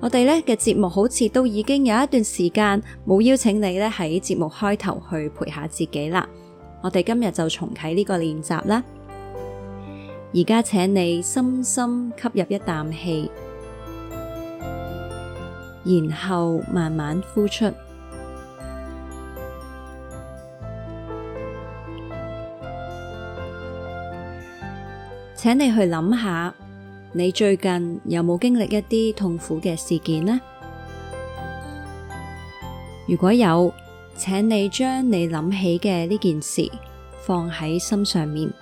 我哋咧嘅節目好似都已經有一段時間冇邀請你咧喺節目開頭去陪下自己啦。我哋今日就重啟呢個練習啦。而家請你深深吸入一啖氣，然後慢慢呼出。請你去諗下。你最近有冇經歷一啲痛苦嘅事件呢？如果有，請你將你諗起嘅呢件事放喺心上面。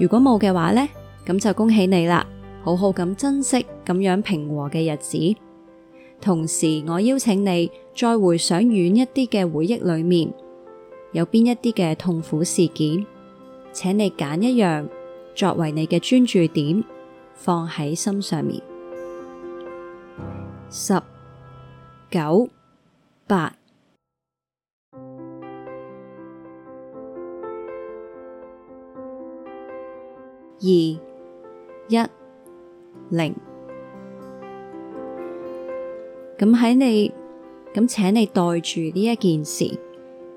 如果冇嘅話呢，咁就恭喜你啦！好好咁珍惜咁樣平和嘅日子。同時，我邀請你再回想遠一啲嘅回憶裏面，有邊一啲嘅痛苦事件？請你揀一樣。作為你嘅專注點，放喺心上面。十、九、八、二、一、零，咁喺你，咁請你袋住呢一件事。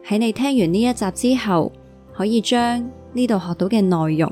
喺你聽完呢一集之後，可以將呢度學到嘅內容。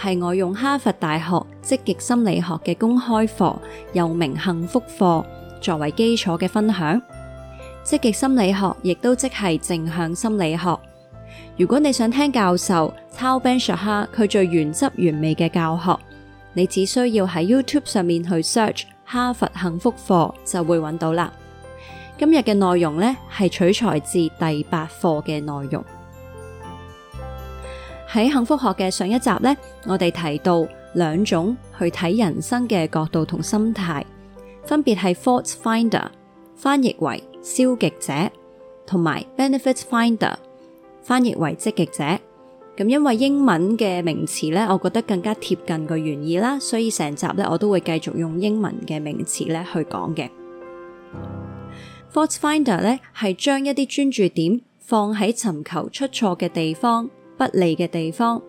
係我用哈佛大學積極心理學嘅公開課，又名幸福課，作為基礎嘅分享。積極心理學亦都即係正向心理學。如果你想聽教授 Tal Ben-Shahar 佢最原汁原味嘅教學，你只需要喺 YouTube 上面去 search 哈佛幸福課，就會搵到啦。今日嘅內容呢，係取材自第八課嘅內容。喺幸福學嘅上一集呢，我哋提到兩種去睇人生嘅角度同心態，分別係 fault finder 翻譯為消極者，同埋 benefits finder 翻譯為積極者。咁、嗯、因為英文嘅名詞呢，我覺得更加貼近個原意啦，所以成集呢，我都會繼續用英文嘅名詞呢去講嘅。 fault finder 呢，係將一啲專注點放喺尋求出錯嘅地方。不利嘅地方，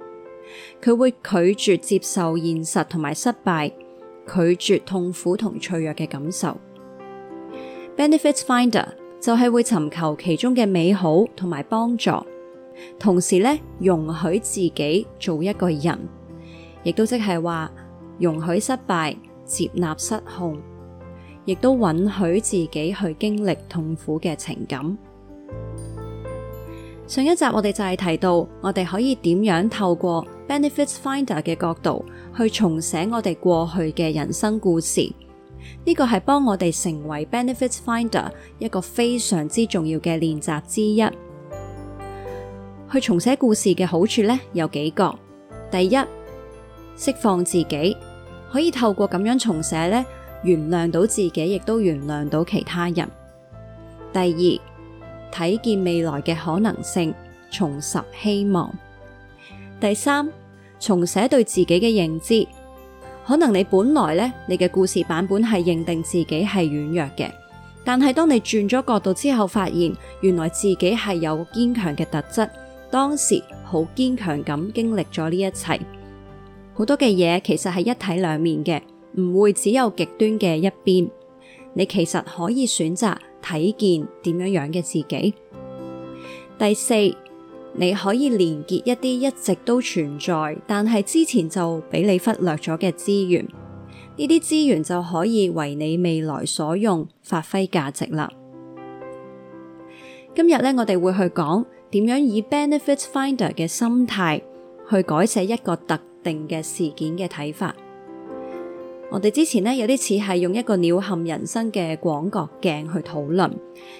佢會拒絕接受現實同埋失敗，拒絕痛苦同脆弱嘅感受。Benefit finder 就係會尋求其中嘅美好同埋幫助，同時咧容許自己做一個人，亦都即係話容許失敗，接納失控，亦都允許自己去經歷痛苦嘅情感。上一集我哋就係提到，我哋可以點樣透過 Benefits Finder 嘅角度去重寫我哋過去嘅人生故事。呢個係幫我哋成為 Benefits Finder 一個非常之重要嘅練習之一。去重寫故事嘅好處咧有幾個：第一，釋放自己，可以透過咁樣重寫咧，原諒到自己，亦都原諒到其他人。第二。睇見未來嘅可能性，重拾希望。第三，重寫對自己嘅認知。可能你本來咧，你嘅故事版本係認定自己係軟弱嘅，但係當你轉咗角度之後，發現原來自己係有堅強嘅特質。當時好堅強咁經歷咗呢一切，好多嘅嘢其實係一體兩面嘅，唔會只有極端嘅一邊。你其實可以選擇。睇見點樣樣嘅自己。第四，你可以連結一啲一直都存在，但係之前就俾你忽略咗嘅資源。呢啲資源就可以為你未來所用，發揮價值啦。今日呢，我哋會去講點樣以 Benefit Finder 嘅心態去改寫一個特定嘅事件嘅睇法。我哋之前咧有啲似係用一個鳥瞰人生嘅廣角鏡去討論，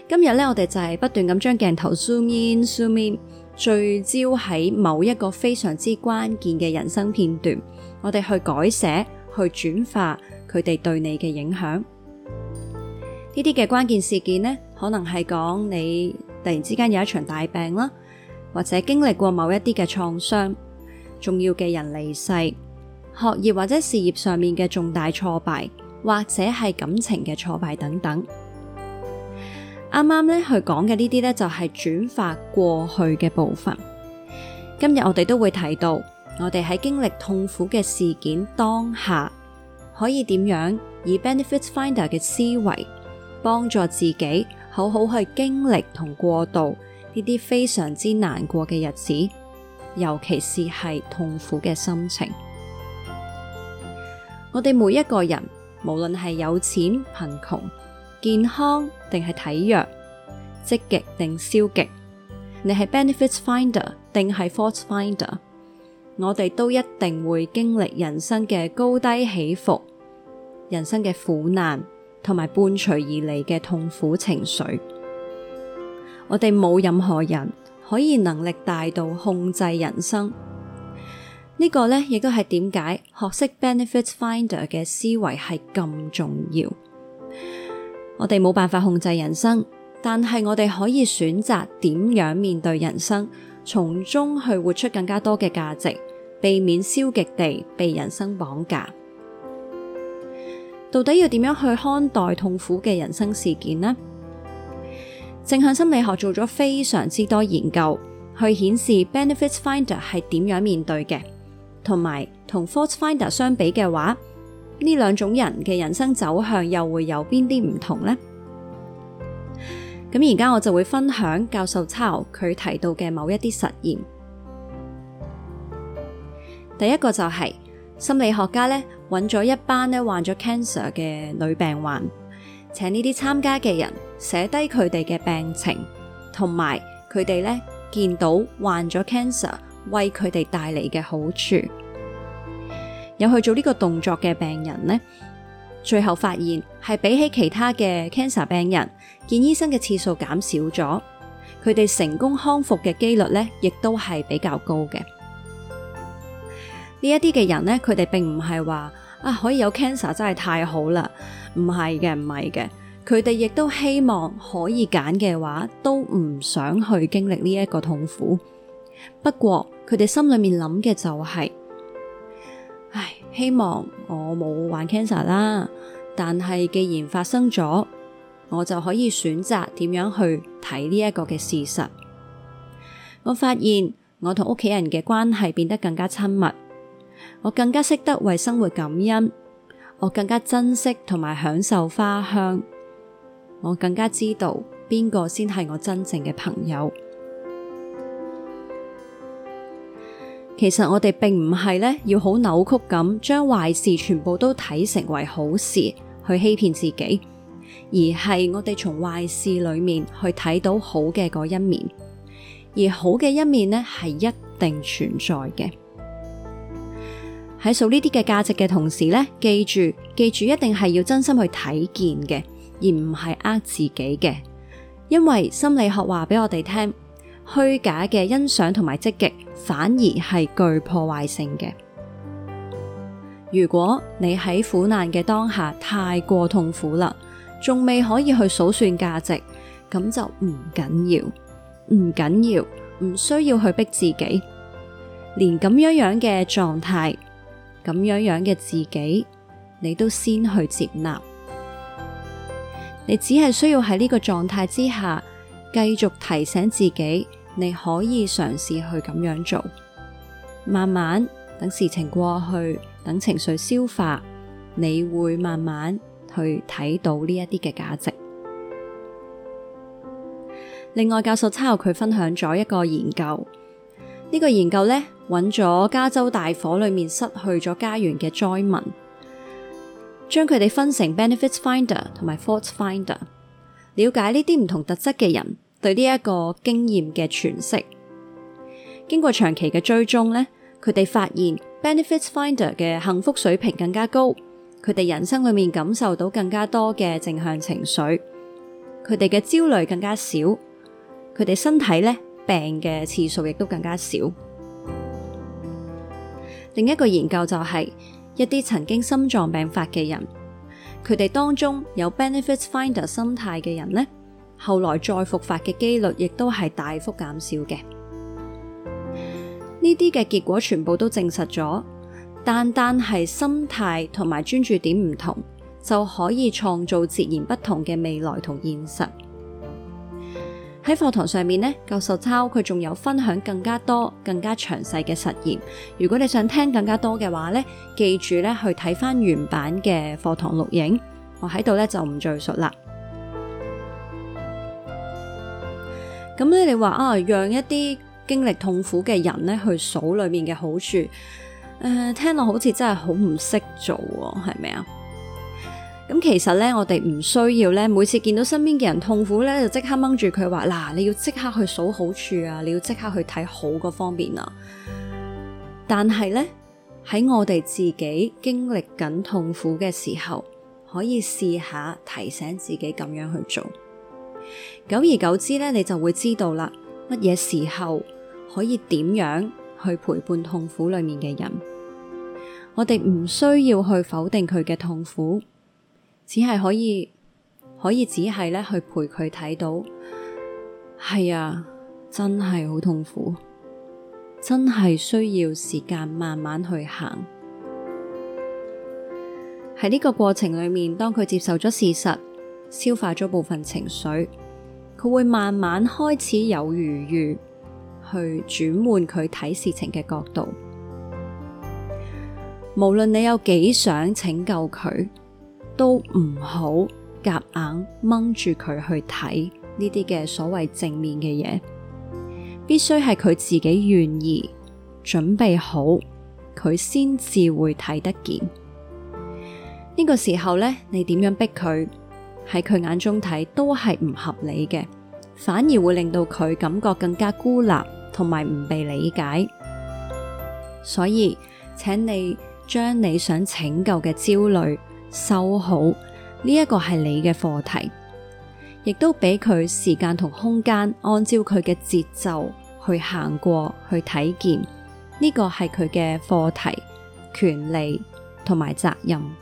今日咧我哋就係不斷咁將鏡頭 zoom in zoom in 聚焦，喺某一個非常之關鍵嘅人生片段，我哋去改寫、去轉化佢哋對你嘅影響。呢啲嘅關鍵事件呢，可能係講你突然之間有一場大病啦，或者經歷過某一啲嘅創傷，重要嘅人離世。學業或者事業上面嘅重大挫敗，或者係感情嘅挫敗等等。啱啱咧，佢講嘅呢啲咧就係轉發過去嘅部分。今日我哋都會提到，我哋喺經歷痛苦嘅事件當下，可以點樣以 benefit finder 嘅思維幫助自己，好好去經歷同過渡呢啲非常之難過嘅日子，尤其是係痛苦嘅心情。我哋每一個人，無論係有錢貧窮、健康定係體弱、積極定消極，你係 benefits finder 定係 fault finder，find、er，我哋都一定會經歷人生嘅高低起伏、人生嘅苦難同埋伴隨而嚟嘅痛苦情緒。我哋冇任何人可以能力大到控制人生。個呢個咧，亦都係點解學識 Benefits Finder 嘅思維係咁重要。我哋冇辦法控制人生，但係我哋可以選擇點樣面對人生，從中去活出更加多嘅價值，避免消極地被人生綁架。到底要點樣去看待痛苦嘅人生事件呢？正向心理學做咗非常之多研究，去顯示 Benefits Finder 係點樣面對嘅。同埋同 Force Finder 相比嘅話，呢兩種人嘅人生走向又會有邊啲唔同呢？咁而家我就會分享教授 Chao 佢提到嘅某一啲實驗。第一個就係、是、心理學家咧揾咗一班咧患咗 cancer 嘅女病患，請呢啲參加嘅人寫低佢哋嘅病情，同埋佢哋咧見到患咗 cancer 為佢哋帶嚟嘅好處，有去做呢個動作嘅病人呢，最後發現係比起其他嘅 cancer 病人見醫生嘅次數減少咗，佢哋成功康復嘅幾率呢亦都係比較高嘅。呢一啲嘅人呢，佢哋並唔係話啊可以有 cancer 真係太好啦，唔係嘅，唔係嘅，佢哋亦都希望可以揀嘅話，都唔想去經歷呢一個痛苦。不過佢哋心裏面諗嘅就係、是，唉，希望我冇患 cancer 啦。但係既然發生咗，我就可以選擇點樣去睇呢一個嘅事實。我發現我同屋企人嘅關係變得更加親密，我更加識得為生活感恩，我更加珍惜同埋享受花香，我更加知道邊個先係我真正嘅朋友。其實我哋並唔係咧，要好扭曲咁將壞事全部都睇成為好事去欺騙自己，而係我哋從壞事裏面去睇到好嘅嗰一面，而好嘅一面呢係一定存在嘅。喺數呢啲嘅價值嘅同時呢，記住記住一定係要真心去睇見嘅，而唔係呃自己嘅，因為心理學話俾我哋聽。虛假嘅欣賞同埋積極，反而係具破壞性嘅。如果你喺苦難嘅當下太過痛苦啦，仲未可以去數算價值，咁就唔緊要，唔緊要，唔需要去逼自己。連咁樣樣嘅狀態，咁樣樣嘅自己，你都先去接納。你只係需要喺呢個狀態之下，繼續提醒自己。你可以嘗試去咁樣做，慢慢等事情過去，等情緒消化，你會慢慢去睇到呢一啲嘅價值。 另外，教授之後佢分享咗一個研究，呢、呢個研究呢，揾咗加州大火裏面失去咗家園嘅災民，將佢哋分成 benefits finder 同埋 fault finder，了解呢啲唔同特質嘅人。對呢一個經驗嘅詮釋，經過長期嘅追蹤咧，佢哋發現 Benefits Finder 嘅幸福水平更加高，佢哋人生裏面感受到更加多嘅正向情緒，佢哋嘅焦慮更加少，佢哋身體咧病嘅次數亦都更加少。另一個研究就係、是、一啲曾經心臟病發嘅人，佢哋當中有 Benefits Finder 心態嘅人咧。後來再復發嘅幾率亦都係大幅減少嘅。呢啲嘅結果全部都證實咗，單單係心態同埋專注點唔同，就可以創造截然不同嘅未來同現實。喺課堂上面呢，教授抄佢仲有分享更加多、更加詳細嘅實驗。如果你想聽更加多嘅話呢，記住咧去睇翻原版嘅課堂錄影。我喺度咧就唔贅述啦。咁咧、嗯，你話啊，讓一啲經歷痛苦嘅人咧去數裏面嘅好處，誒、呃，聽落好似真係好唔識做啊、哦，係咪啊？咁、嗯、其實咧，我哋唔需要咧，每次見到身邊嘅人痛苦咧，就即刻掹住佢話嗱，你要即刻去數好處啊，你要即刻去睇好個方面啊。但係咧，喺我哋自己經歷緊痛苦嘅時候，可以試下提醒自己咁樣去做。久而久之咧，你就會知道啦，乜嘢時候可以點樣去陪伴痛苦裏面嘅人。我哋唔需要去否定佢嘅痛苦，只係可以可以只係咧去陪佢睇到，係啊，真係好痛苦，真係需要時間慢慢去行。喺呢個過程裏面，當佢接受咗事實，消化咗部分情緒。佢會慢慢開始有餘裕，去轉換佢睇事情嘅角度。無論你有幾想拯救佢，都唔好夾硬掹住佢去睇呢啲嘅所謂正面嘅嘢。必須係佢自己願意準備好，佢先至會睇得見。呢、這個時候咧，你點樣逼佢？喺佢眼中睇都係唔合理嘅，反而會令到佢感覺更加孤立同埋唔被理解。所以，請你將你想拯救嘅焦慮收好，呢、這、一個係你嘅課題，亦都俾佢時間同空間，按照佢嘅節奏去行過去體驗，呢、這個係佢嘅課題、權利同埋責任。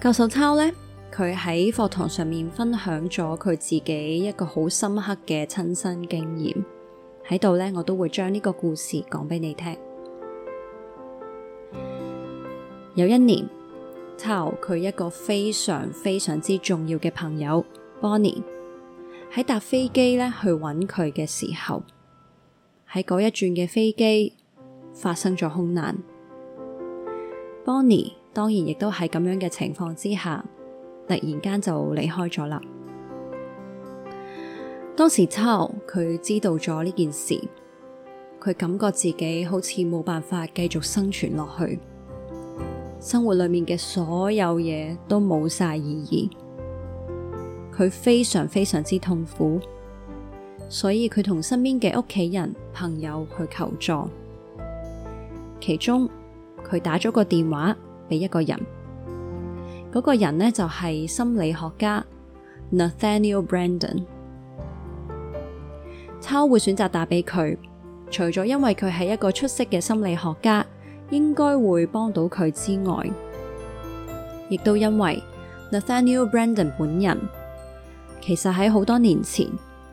教授濤呢，佢喺課堂上面分享咗佢自己一個好深刻嘅親身經驗喺度呢，我都會將呢個故事講俾你聽。 有一年，濤佢一個非常非常之重要嘅朋友 Bonnie 喺搭飛機呢去搵佢嘅時候，喺嗰一轉嘅飛機發生咗空難，Bonnie。當然，亦都喺咁樣嘅情況之下，突然間就離開咗啦。當時秋，佢知道咗呢件事，佢感覺自己好似冇辦法繼續生存落去，生活裏面嘅所有嘢都冇晒意義，佢非常非常之痛苦，所以佢同身邊嘅屋企人、朋友去求助，其中佢打咗個電話。俾一個人，嗰個人呢，就係心理學家 Nathaniel Brandon，他會選擇打俾佢，除咗因為佢係一個出色嘅心理學家，應該會幫到佢之外，亦都因為 Nathaniel Brandon 本人其實喺好多年前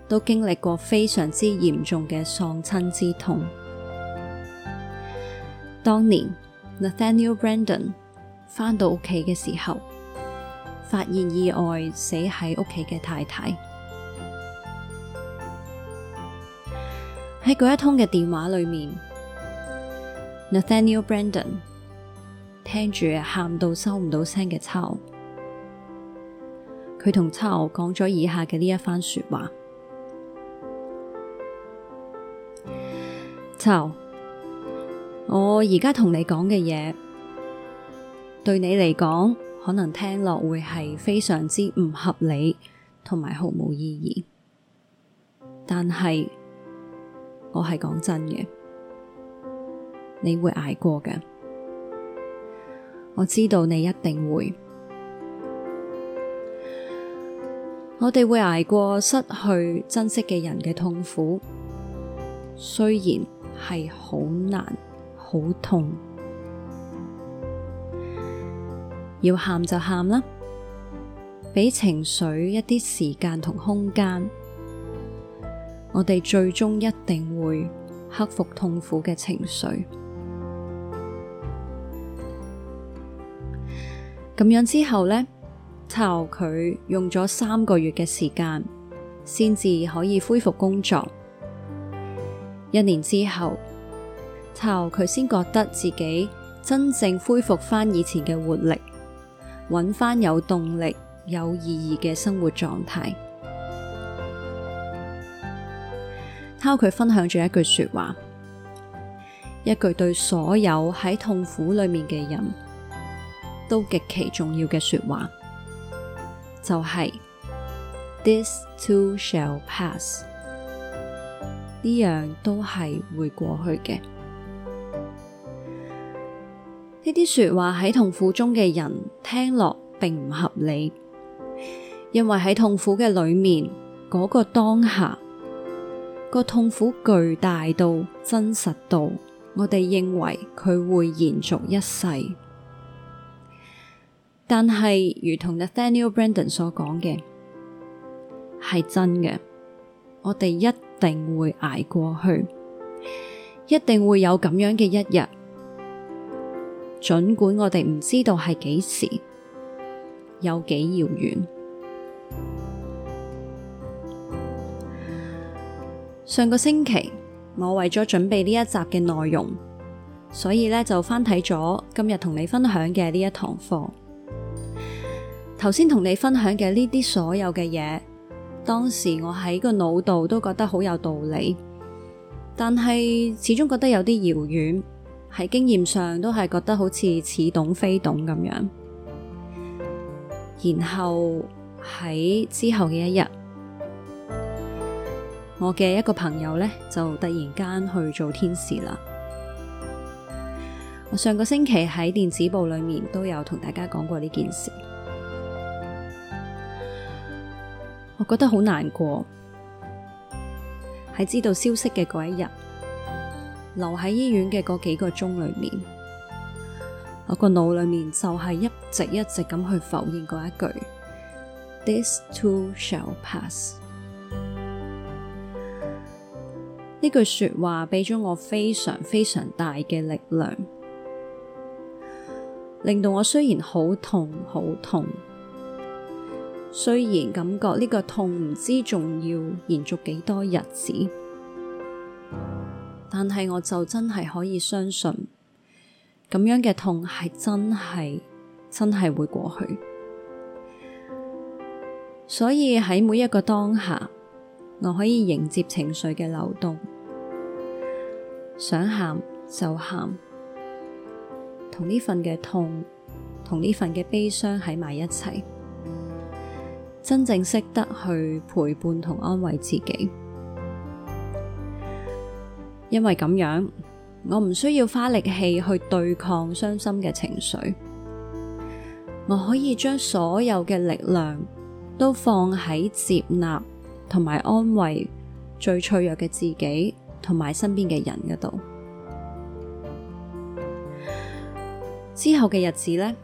都經歷過非常之嚴重嘅喪親之痛。當年 Nathaniel Brandon。返到屋企嘅時候，發現意外死喺屋企嘅太太。喺嗰一通嘅電話裏面，Nathaniel Brandon 聽住喊到收唔到聲嘅秋，佢同秋講咗以下嘅呢一番說話：秋，我而家同你講嘅嘢。對你嚟講，可能聽落會係非常之唔合理，同埋毫無意義。但係我係講真嘅，你會捱過嘅。我知道你一定會。我哋會捱過失去珍惜嘅人嘅痛苦，雖然係好難、好痛。要喊就喊啦，俾情緒一啲時間同空間，我哋最終一定會克服痛苦嘅情緒。咁樣之後呢，頭佢用咗三個月嘅時間，先至可以恢復工作。一年之後，頭佢先覺得自己真正恢復翻以前嘅活力。揾翻有動力、有意義嘅生活狀態。他佢分享咗一句說話，一句對所有喺痛苦裏面嘅人都極其重要嘅說話，就係、是、This too shall pass。呢樣都係會過去嘅。呢啲說話喺痛苦中嘅人聽落並唔合理，因為喺痛苦嘅裏面嗰、嗰個當下、個痛苦巨大到真實到，我哋認為佢會延續一世。但係，如同 Nathaniel Brandon 所講嘅，係真嘅，我哋一定會捱過去，一定會有咁樣嘅一日。儘管我哋唔知道係幾時，有幾遙遠。上個星期，我為咗準備呢一集嘅內容，所以呢就翻睇咗今日同你分享嘅呢一堂課。頭先同你分享嘅呢啲所有嘅嘢，當時我喺個腦度都覺得好有道理，但係始終覺得有啲遙遠。喺經驗上都係覺得好似似懂非懂咁樣，然後喺之後嘅一日，我嘅一個朋友呢，就突然間去做天使啦。我上個星期喺電子報裏面都有同大家講過呢件事，我覺得好難過，喺知道消息嘅嗰一日。留喺醫院嘅嗰幾個鐘裏面，我個腦裏面就係一直一直咁去否認嗰一句，This too shall pass。呢句說話俾咗我非常非常大嘅力量，令到我雖然好痛好痛，雖然感覺呢個痛唔知仲要延續幾多日子。但係我就真係可以相信，咁樣嘅痛係真係真係會過去。所以喺每一個當下，我可以迎接情緒嘅流動，想喊就喊，同呢份嘅痛，同呢份嘅悲傷喺埋一齊，真正識得去陪伴同安慰自己。因為咁樣，我唔需要花力氣去對抗傷心嘅情緒。我可以將所有嘅力量都放喺接納同埋安慰最脆弱嘅自己同埋身邊嘅人嗰度。之後嘅日子呢，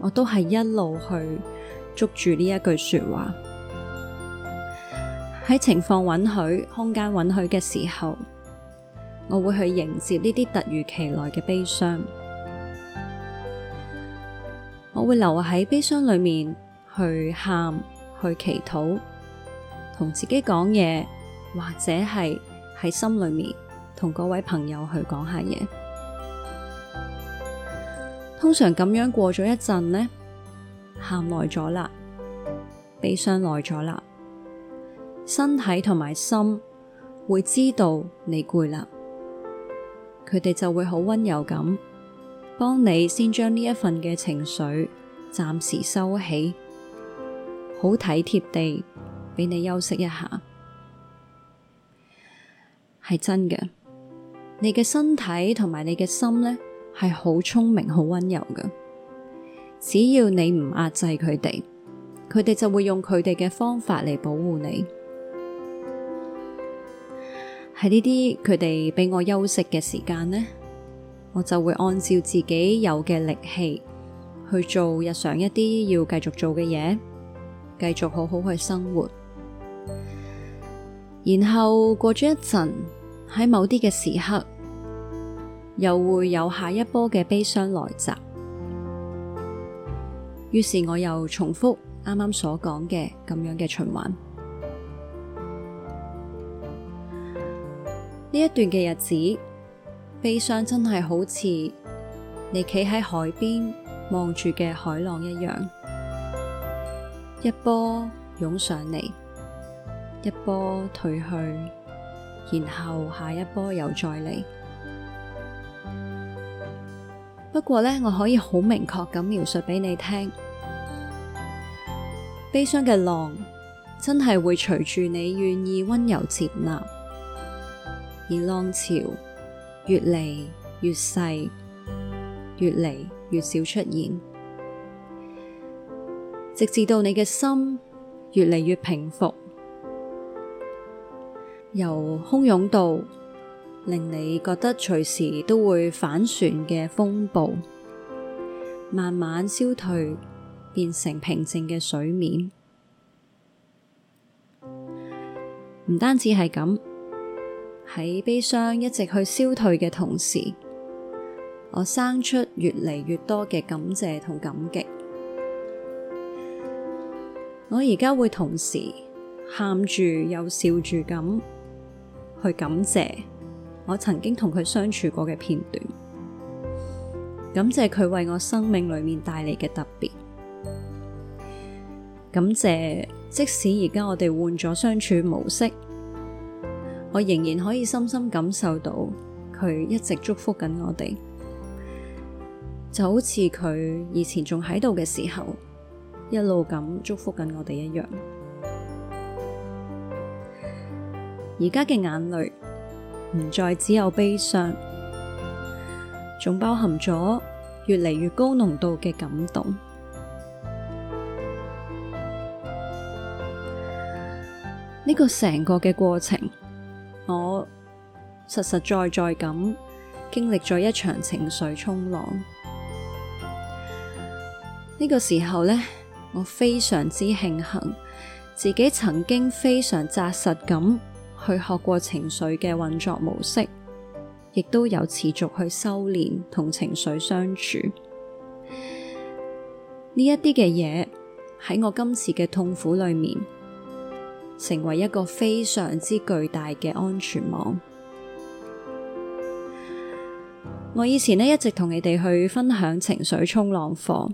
我都係一路去捉住呢一句說話。喺情況允許，空間允許嘅時候。我會去迎接呢啲突如其來嘅悲傷，我會留喺悲傷裏面去喊、去祈禱，同自己講嘢，或者係喺心裏面同嗰位朋友去講下嘢。通常咁樣過咗一陣呢，喊耐咗啦，悲傷耐咗啦，身體同埋心會知道你攰啦。佢哋就會好溫柔咁，幫你先將呢一份嘅情緒暫時收起，好體貼地俾你休息一下。係真嘅，你嘅身體同埋你嘅心呢係好聰明、好溫柔嘅。只要你唔壓制佢哋，佢哋就會用佢哋嘅方法嚟保護你。喺呢啲佢哋俾我休息嘅時間呢，我就會按照自己有嘅力氣去做日常一啲要繼續做嘅嘢，繼續好好去生活。然後過咗一陣，喺某啲嘅時刻，又會有下一波嘅悲傷來襲。於是我又重複啱啱所講嘅咁樣嘅循環。呢一段嘅日子，悲傷真係好似你企喺海邊望住嘅海浪一樣，一波湧上嚟，一波退去，然後下一波又再嚟。不過呢，我可以好明確咁描述俾你聽，悲傷嘅浪真係會隨住你願意溫柔接納。浪潮越嚟越細，越嚟越，越，越少出現，直至到你嘅心越嚟越平復，由洶湧到令你覺得隨時都會反船嘅風暴，慢慢消退，變成平靜嘅水面。唔單止係咁。喺悲傷一直去消退嘅同時，我生出越嚟越多嘅感謝同感激。我而家會同時喊住又笑住咁去感謝我曾經同佢相處過嘅片段，感謝佢為我生命裏面帶嚟嘅特別，感謝即使而家我哋換咗相處模式。我仍然可以深深感受到佢一直祝福緊我哋，就好似佢以前仲喺度嘅時候，一路咁祝福緊我哋一樣。而家嘅眼淚唔再只有悲傷，仲包含咗越嚟越高濃度嘅感動。呢、這個成個嘅過程。我實實在在咁經歷咗一場情緒衝浪，呢個時候呢，我非常之慶幸自己曾經非常紮實咁去學過情緒嘅運作模式，亦都有持續去修煉同情緒相處。呢一啲嘅嘢，喺我今次嘅痛苦裏面。成為一個非常之巨大嘅安全網。我以前呢一直同你哋去分享情緒衝浪課，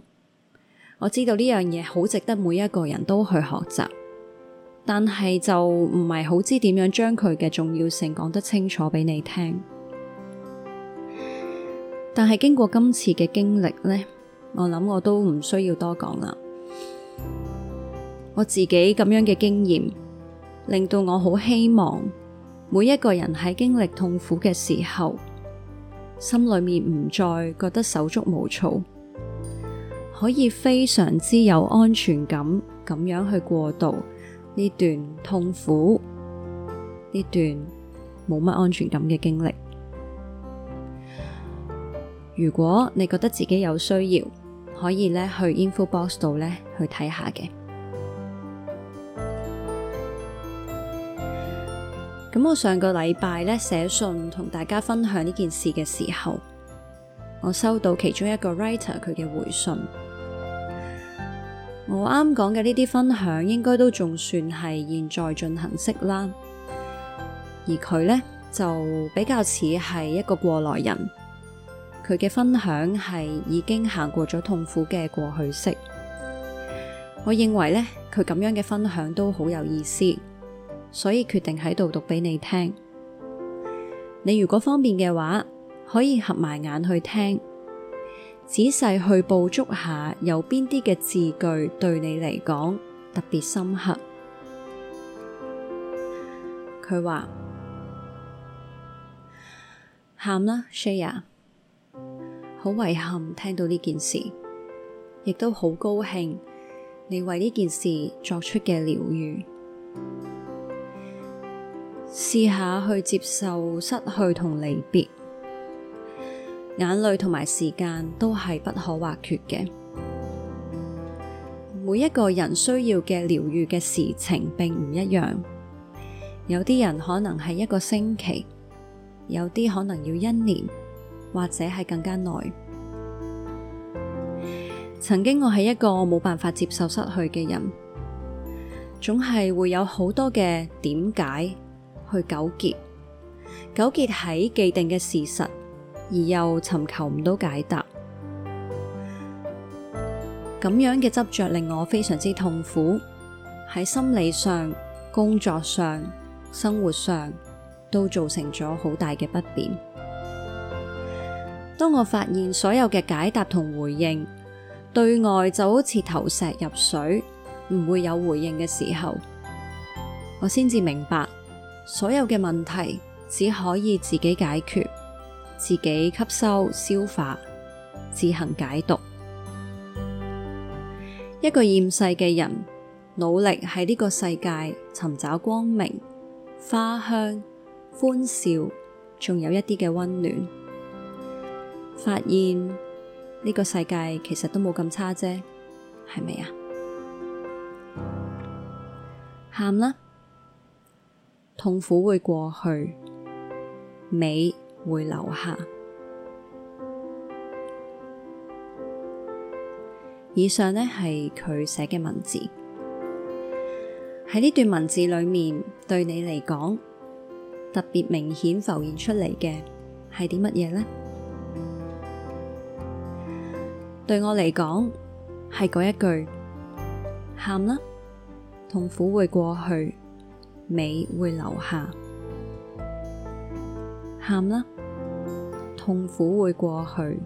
我知道呢樣嘢好值得每一個人都去學習，但係就唔係好知點樣將佢嘅重要性講得清楚俾你聽。但係經過今次嘅經歷呢，我諗我都唔需要多講啦。我自己咁樣嘅經驗。令到我好希望，每一個人喺經歷痛苦嘅時候，心裏面唔再覺得手足無措，可以非常之有安全感咁樣去過渡呢段痛苦，呢段冇乜安全感嘅經歷。如果你覺得自己有需要，可以咧去 Info Box 度咧去睇下嘅。咁我上個禮拜咧寫信同大家分享呢件事嘅時候，我收到其中一個 writer 佢嘅回信。我啱講嘅呢啲分享應該都仲算係現在進行式啦，而佢咧就比較似係一個過來人，佢嘅分享係已經行過咗痛苦嘅過去式。我認為咧佢咁樣嘅分享都好有意思。所以決定喺度讀畀你聽。你如果方便嘅話，可以合埋眼去聽，仔細去捕捉下有邊啲嘅字句對你嚟講特別深刻。佢話喊啦，Shia。好遺憾聽到呢件事，亦都好高興你為呢件事作出嘅療愈。試下去接受失去同離別，眼淚同埋時間都係不可或缺嘅。每一個人需要嘅療癒嘅事情並唔一樣，有啲人可能係一個星期，有啲可能要一年，或者係更加耐。曾經我係一個冇辦法接受失去嘅人，總係會有好多嘅點解。去糾結，糾結喺既定嘅事實，而又尋求唔到解答，咁樣嘅執着令我非常之痛苦。喺心理上、工作上、生活上都造成咗好大嘅不便。當我發現所有嘅解答同回應對外就好似投石入水，唔會有回應嘅時候，我先至明白。所有嘅問題只可以自己解決，自己吸收消化，自行解毒。一個厭世嘅人，努力喺呢個世界尋找光明、花香、歡笑，仲有一啲嘅溫暖，發現呢個世界其實都冇咁差啫，係咪啊？喊啦！痛苦會過去，美會留下。以上呢係佢寫嘅文字，喺呢段文字裏面，對你嚟講特別明顯浮現出嚟嘅係啲乜嘢呢？對我嚟講，係嗰一句，喊啦，痛苦會過去。美會留下，喊啦！痛苦會過去，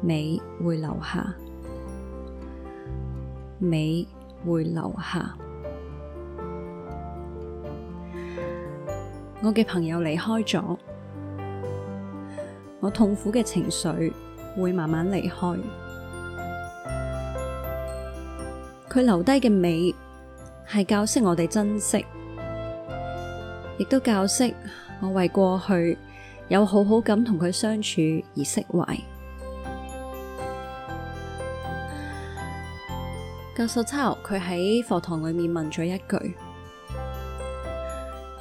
美會留下，美會留下。我嘅朋友離開咗，我痛苦嘅情緒會慢慢離開。佢留低嘅美，係教識我哋珍惜。亦都教識我為過去有好好咁同佢相處而釋懷。教授 Charles 佢喺課堂裏面問咗一句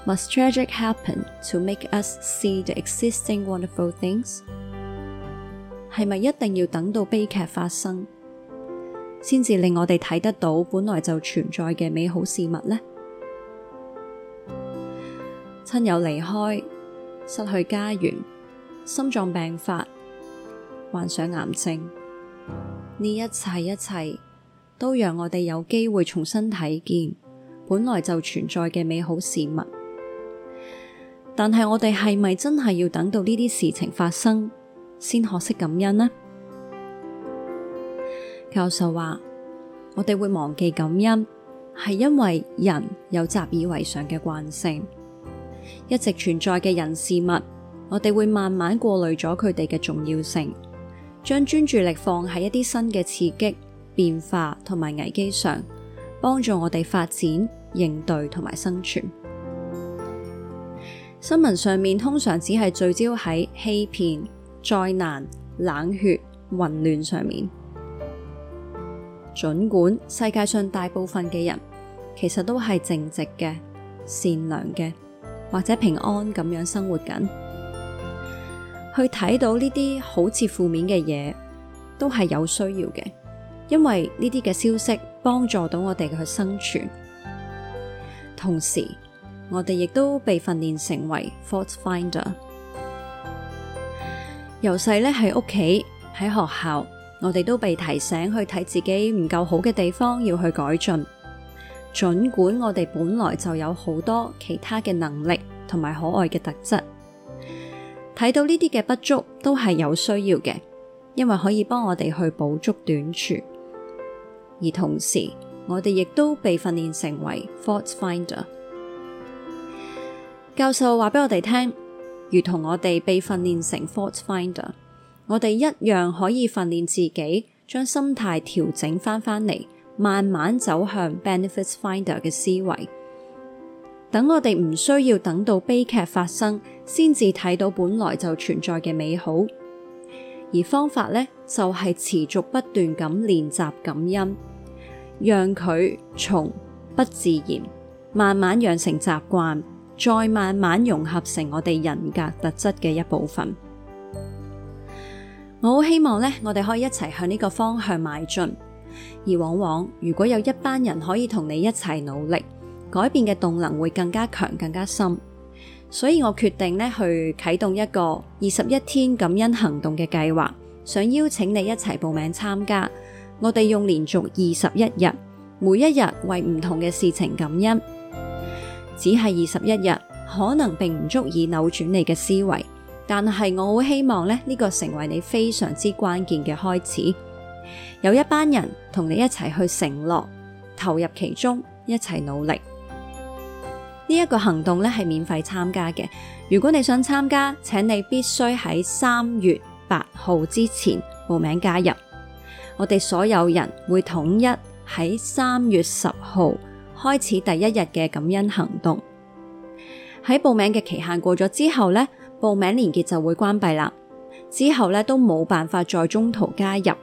：Must tragic happen to make us see the existing wonderful things? 係咪一定要等到悲劇發生，先至令我哋睇得到本來就存在嘅美好事物呢？」親友離開，失去家園，心臟病發，患上癌症，呢一切一切，都讓我哋有機會重新睇見本來就存在嘅美好事物。但係我哋係咪真係要等到呢啲事情發生，先學識感恩呢？教授話：我哋會忘記感恩，係因為人有習以為常嘅慣性。一直存在嘅人事物，我哋會慢慢過濾咗佢哋嘅重要性，將專注力放喺一啲新嘅刺激、變化同埋危機上，幫助我哋發展、應對同埋生存。新聞上面通常只係聚焦喺欺騙、災難、冷血、混亂上面，盡管世界上大部分嘅人其實都係正直嘅、善良嘅。或者平安咁樣生活緊，去睇到呢啲好似負面嘅嘢，都係有需要嘅，因為呢啲嘅消息幫助到我哋去生存。同時，我哋亦都被訓練成為 fault finder。由細咧喺屋企、喺學校，我哋都被提醒去睇自己唔夠好嘅地方，要去改進。儘管我哋本來就有好多其他嘅能力同埋可愛嘅特質，睇到呢啲嘅不足都係有需要嘅，因為可以幫我哋去補足短處。而同時，我哋亦都被訓練成為 fault finder。教授話俾我哋聽，如同我哋被訓練成 fault finder，我哋一樣可以訓練自己將心態調整翻返嚟。慢慢走向 Benefits Finder 嘅思維，等我哋唔需要等到悲劇發生，先至睇到本來就存在嘅美好。而方法咧就係持續不斷咁練習感恩，讓佢從不自然慢慢養成習慣，再慢慢融合成我哋人格特質嘅一部分。我好希望咧，我哋可以一齊向呢個方向邁進。而往往，如果有一班人可以同你一齊努力，改變嘅動能會更加強、更加深。所以我決定咧去啟動一個二十一天感恩行動嘅計劃，想邀請你一齊報名參加。我哋用連續二十一日，每一日為唔同嘅事情感恩。只係二十一日，可能並唔足以扭轉你嘅思維，但係我好希望咧呢、呢個成為你非常之關鍵嘅開始。有一班人同你一齊去承諾，投入其中，一齊努力。呢、這、一個行動咧係免費參加嘅。如果你想參加，請你必須喺三月八號之前報名加入。我哋所有人會統一喺三月十號開始第一日嘅感恩行動。喺報名嘅期限過咗之後呢，報名連結就會關閉啦。之後呢，都冇辦法再中途加入。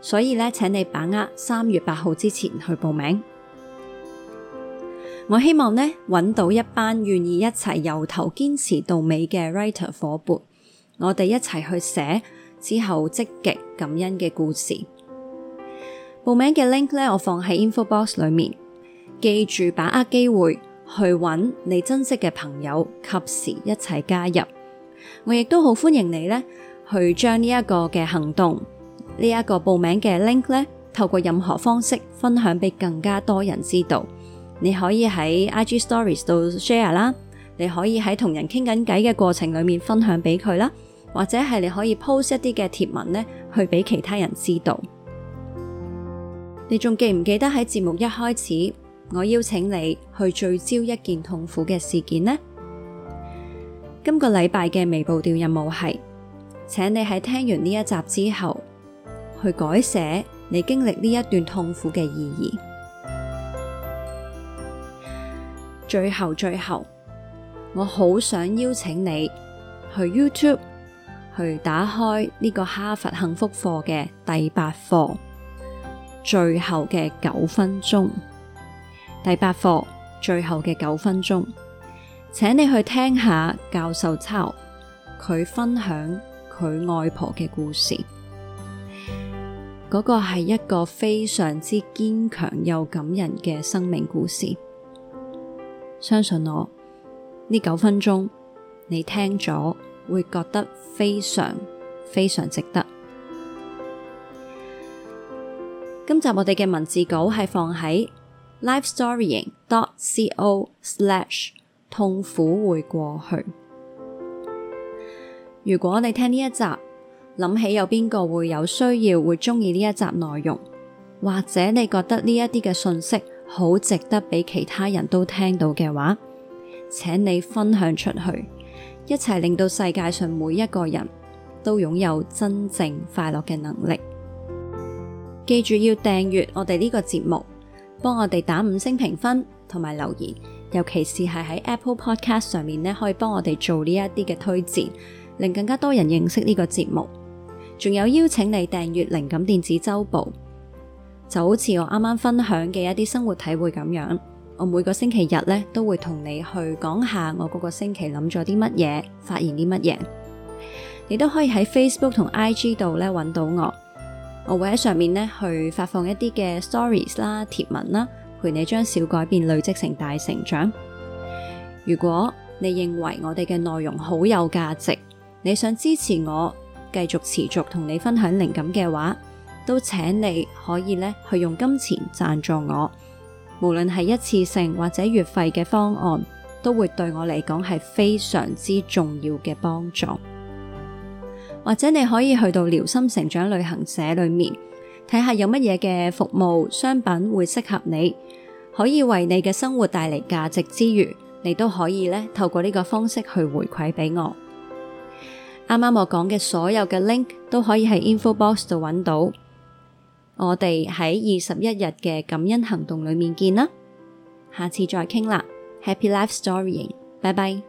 所以呢，請你把握三月八號之前去報名。我希望呢，揾到一班願意一齊由頭堅持到尾嘅 writer 夥伴，我哋一齊去寫之後積極感恩嘅故事。報名嘅 link 呢，我放喺 info box 裏面。記住把握機會去揾你珍惜嘅朋友，及時一齊加入。我亦都好歡迎你呢，去將呢一個嘅行動。呢一個報名嘅 link 咧，透過任何方式分享俾更加多人知道。你可以喺 IG Stories 度 share 啦，你可以喺同人傾緊偈嘅過程裡面分享俾佢啦，或者係你可以 post 一啲嘅貼文呢，去俾其他人知道。你仲記唔記得喺節目一開始，我邀請你去聚焦一件痛苦嘅事件呢？今個禮拜嘅微步調任務係請你喺聽完呢一集之後。去改寫你經歷呢一段痛苦嘅意義。最後，最後，我好想邀請你去 YouTube 去打開呢個哈佛幸福課嘅第八課，最後嘅九分鐘。第八課最後嘅九分鐘，請你去聽下教授抄佢分享佢外婆嘅故事。嗰個係一個非常之堅強又感人嘅生命故事，相信我，呢九分鐘你聽咗會覺得非常非常值得。今集我哋嘅文字稿係放喺 LifeStorying.co slash 痛苦會過去。如果你聽呢一集。諗起有邊個會有需要，會中意呢一集內容，或者你覺得呢一啲嘅信息好值得俾其他人都聽到嘅話，請你分享出去，一齊令到世界上每一個人都擁有真正快樂嘅能力。記住要訂閱我哋呢個節目，幫我哋打五星評分同埋留言，尤其是係喺 Apple Podcast 上面呢，可以幫我哋做呢一啲嘅推薦，令更加多人認識呢個節目。仲有邀請你訂閱靈感電子周報，就好似我啱啱分享嘅一啲生活體會咁樣。我每個星期日咧都會同你去講下我嗰個星期諗咗啲乜嘢、發現啲乜嘢。你都可以喺 Facebook 同 IG 度咧搵到我，我會喺上面咧去發放一啲嘅 stories 啦、貼文啦，陪你將小改變累積成大成長。如果你認為我哋嘅內容好有價值，你想支持我，繼續持續同你分享靈感嘅話，都請你可以咧去用金錢贊助我。無論係一次性或者月費嘅方案，都會對我嚟講係非常之重要嘅幫助。或者你可以去到聊心成長旅行社裏面，睇下有乜嘢嘅服務商品會適合你，可以為你嘅生活帶嚟價值之餘，你都可以咧透過呢個方式去回饋俾我。啱啱我講嘅所有嘅 link 都可以喺 info box 度揾到，我哋喺二十一日嘅感恩行動裏面見啦，下次再傾啦，Happy Life Story，拜拜。